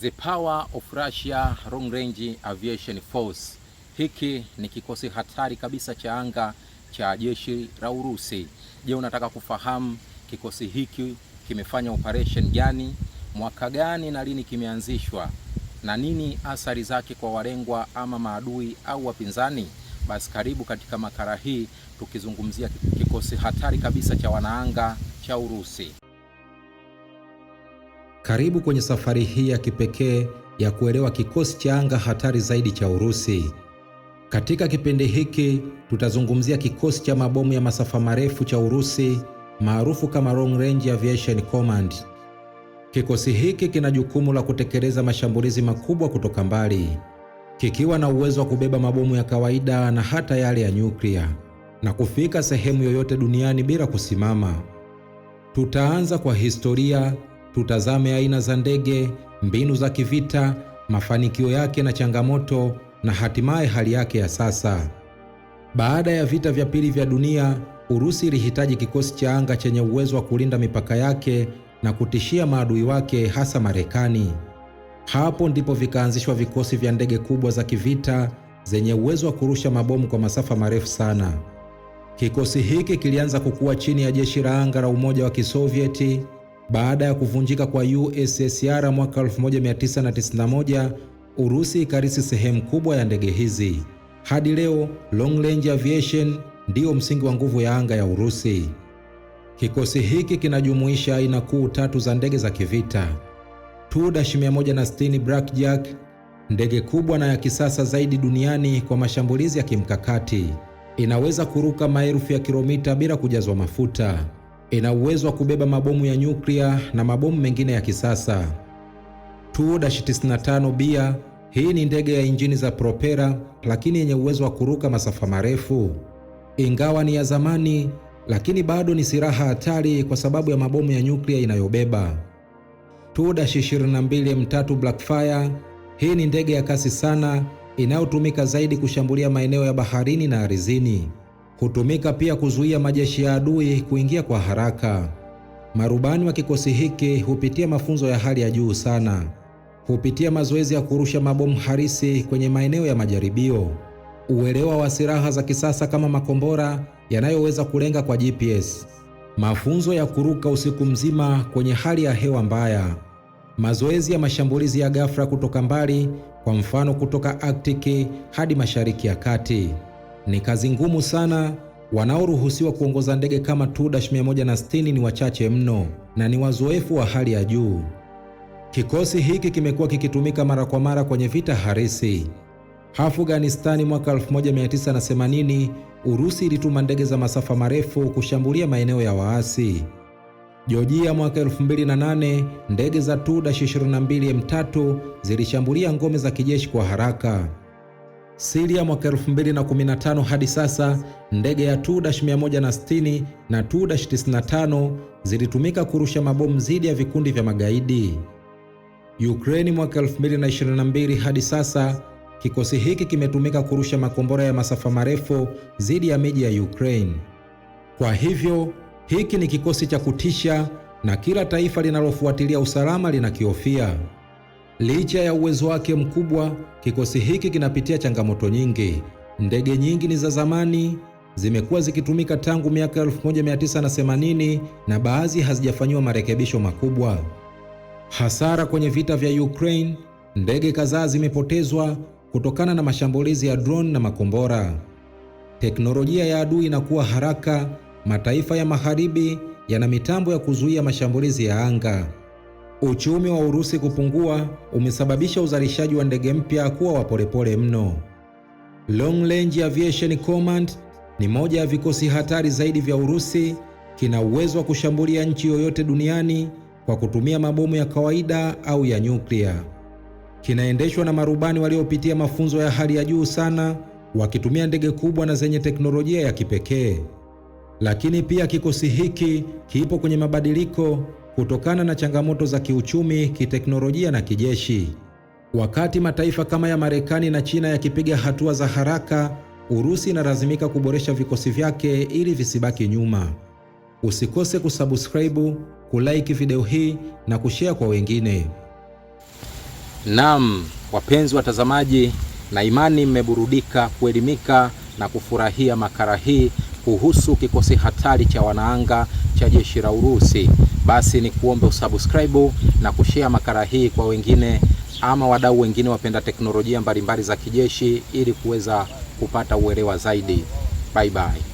The Power of Russia Long Range Aviation Force. Hiki ni kikosi hatari kabisa cha anga cha jeshi la Urusi. Je, unataka kufahamu kikosi hiki kimefanya operation gani, mwaka gani na lini kimeanzishwa na nini athari zake kwa walengwa ama maadui au wapinzani? Basi karibu katika makala hii tukizungumzia kikosi hatari kabisa cha wanaanga cha Urusi. Karibu kwenye safari hii ya kipekee ya kuelewa kikosi cha anga hatari zaidi cha Urusi. Katika kipindi hiki tutazungumzia kikosi cha mabomu ya masafa marefu cha Urusi maarufu kama Long Range Aviation Command. Kikosi hiki kina jukumu la kutekeleza mashambulizi makubwa kutoka mbali, kikiwa na uwezo wa kubeba mabomu ya kawaida na hata yale ya nyuklia na kufika sehemu yoyote duniani bila kusimama. Tutaanza kwa historia tutazame aina za ndege, mbinu za kivita, mafanikio yake na changamoto, na hatimaye hali yake ya sasa. Baada ya vita vya pili vya dunia, Urusi ilihitaji kikosi cha anga chenye uwezo wa kulinda mipaka yake na kutishia maadui wake, hasa Marekani. Hapo ndipo vikaanzishwa vikosi vya ndege kubwa za kivita zenye uwezo wa kurusha mabomu kwa masafa marefu sana. Kikosi hiki kilianza kukua chini ya jeshi la anga la Umoja wa Kisovieti baada ya kuvunjika kwa USSR mwaka 1991, Urusi ikarisi sehemu kubwa ya ndege hizi. Hadi leo long range aviation ndiyo msingi wa nguvu ya anga ya Urusi. Kikosi hiki kinajumuisha aina kuu tatu za ndege za kivita: Tu-160 Blackjack, ndege kubwa na ya kisasa zaidi duniani kwa mashambulizi ya kimkakati. Inaweza kuruka maelfu ya kilomita bila kujazwa mafuta ina uwezo wa kubeba mabomu ya nyuklia na mabomu mengine ya kisasa. Tu-95 bia hii ni ndege ya injini za propera, lakini yenye uwezo wa kuruka masafa marefu. Ingawa ni ya zamani, lakini bado ni silaha hatari kwa sababu ya mabomu ya nyuklia inayobeba. Tu-22M3 Blackfire hii ni ndege ya kasi sana inayotumika zaidi kushambulia maeneo ya baharini na ardhini. Hutumika pia kuzuia majeshi ya adui kuingia kwa haraka. Marubani wa kikosi hiki hupitia mafunzo ya hali ya juu sana. Hupitia mazoezi ya kurusha mabomu harisi kwenye maeneo ya majaribio, uelewa wa silaha za kisasa kama makombora yanayoweza kulenga kwa GPS, mafunzo ya kuruka usiku mzima kwenye hali ya hewa mbaya, mazoezi ya mashambulizi ya ghafla kutoka mbali, kwa mfano kutoka Arctic hadi Mashariki ya Kati. Ni kazi ngumu sana. Wanaoruhusiwa kuongoza ndege kama Tu-160 ni wachache mno na ni wazoefu wa hali ya juu. Kikosi hiki kimekuwa kikitumika mara kwa mara kwenye vita harisi. Afghanistani mwaka 1980, Urusi ilituma ndege za masafa marefu kushambulia maeneo ya waasi. jojia mwaka 2008, ndege za Tu-22M3 zilishambulia ngome za kijeshi kwa haraka. Siria mwaka 2015 hadi sasa, ndege ya Tu-160 na Tu-95 zilitumika kurusha mabomu dhidi ya vikundi vya magaidi. Ukraine mwaka 2022 hadi sasa, kikosi hiki kimetumika kurusha makombora ya masafa marefu dhidi ya miji ya Ukraine. Kwa hivyo, hiki ni kikosi cha kutisha na kila taifa linalofuatilia usalama linakihofia. Licha ya uwezo wake mkubwa, kikosi hiki kinapitia changamoto nyingi. Ndege nyingi ni za zamani, zimekuwa zikitumika tangu miaka 1980 na baadhi hazijafanyiwa marekebisho makubwa. Hasara kwenye vita vya Ukraine, ndege kadhaa zimepotezwa kutokana na mashambulizi ya drone na makombora. Teknolojia ya adui inakuwa haraka. Mataifa ya Magharibi yana mitambo ya kuzuia mashambulizi ya anga. Uchumi wa Urusi kupungua umesababisha uzalishaji wa ndege mpya kuwa wa polepole mno. Long Range Aviation Command ni moja ya vikosi hatari zaidi vya Urusi, kina uwezo wa kushambulia nchi yoyote duniani kwa kutumia mabomu ya kawaida au ya nyuklia. Kinaendeshwa na marubani waliopitia mafunzo ya hali ya juu sana, wakitumia ndege kubwa na zenye teknolojia ya kipekee. Lakini pia kikosi hiki kipo kwenye mabadiliko kutokana na changamoto za kiuchumi, kiteknolojia na kijeshi. Wakati mataifa kama ya Marekani na China yakipiga hatua za haraka, Urusi inalazimika kuboresha vikosi vyake ili visibaki nyuma. Usikose kusubscribe, kulike video hii na kushare kwa wengine. Naam, wapenzi watazamaji, na imani mmeburudika, kuelimika na kufurahia makala hii kuhusu kikosi hatari cha wanaanga cha jeshi la Urusi, basi ni kuombe usubscribe na kushare makala hii kwa wengine ama wadau wengine wapenda teknolojia mbalimbali za kijeshi ili kuweza kupata uelewa zaidi. Bye bye.